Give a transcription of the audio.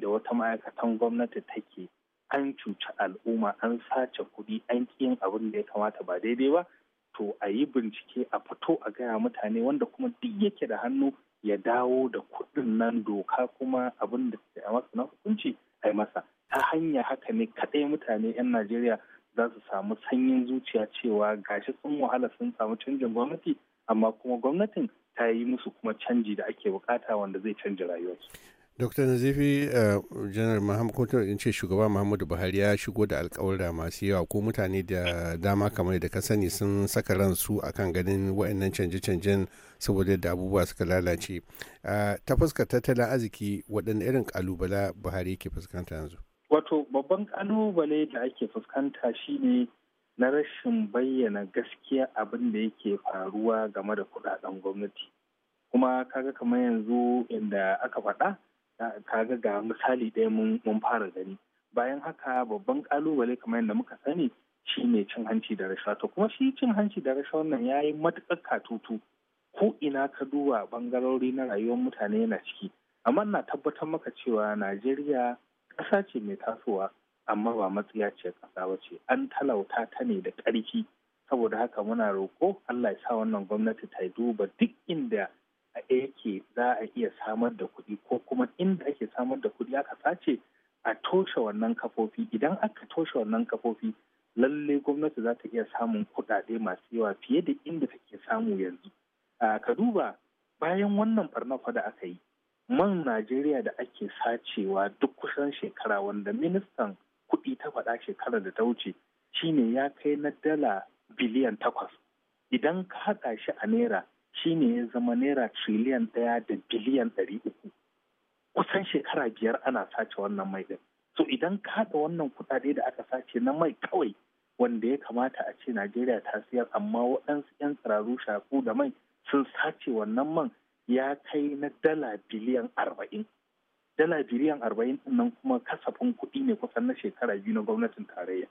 da wata ma'aikatan gwamnati take an cuci al'umma an sace kuɗi an yin abin da ya kamata ba daidai ba to a yi bincike a fito a gaya mutane wanda kuma duk yake da hannu ya dawo da kuɗin nan doka kuma abin da a masa na hukunci a masa ta hanya haka ne kaɗai mutane 'yan najeriya za su samu sanyin zuciya cewa gashi sun wahala sun samu canjin gwamnati amma kuma gwamnatin ta yi musu kuma canji da ake bukata wanda zai canji rayuwarsu. Dr. Nazifi eh, Janar Muhammad Kuntar in ce shugaba Muhammadu Buhari ya shigo da alkawarra masu yawa ko mutane da dama kamar da ka sani sun saka ransu akan ganin waɗannan canje-canjen saboda da abubuwa suka lalace. Eh, ta fuskar tattalin arziki waɗanne irin kalubala Buhari ke fuskanta yanzu? Wato babban kalubale da ake fuskanta shine na rashin bayyana gaskiya abin da yake faruwa game da kuɗaɗen gwamnati. Kuma kaga kamar yanzu inda aka faɗa ka ga ga misali ɗaya mun fara gani bayan haka babban kalubale kamar yadda muka sani shi ne cin hanci da rashawa to kuma shi cin hanci da rashawa nan ya yi matuƙar katutu ko ina ka duba bangarori na rayuwar mutane yana ciki amma na tabbatar maka cewa najeriya ƙasa ce mai tasowa amma ba matsiya ce ƙasa ba ce an talauta ta ne da ƙarfi saboda haka muna roƙo allah ya sa wannan gwamnati ta yi duba duk inda a yake za a iya samar da kuɗi ko kuma inda ake samar da kuɗi aka sace a toshe wannan kafofi idan aka toshe wannan kafofi lallai gwamnati za ta iya samun kuɗaɗe masu yawa fiye da inda take samu yanzu ka duba bayan wannan barnafa da aka yi man najeriya da ake sacewa duk kusan shekara wanda ministan kuɗi ta faɗa shekarar da ta wuce shine ya kai na dala biliyan takwas idan ka haɗa shi a naira shi ne ya zama naira triliyan ɗaya da biliyan ɗari uku kusan shekara biyar ana sace wannan mai ɗin so idan ka haɗa wannan kuɗaɗe da aka sace na mai kawai wanda ya kamata a ce najeriya ta siyar amma waɗansu 'yan sararu shaku da mai sun sace wannan man ya kai na dala biliyan arba'in dala biliyan arba'in nan kuma kasafin kuɗi ne kusan na shekara biyu na gwamnatin tarayya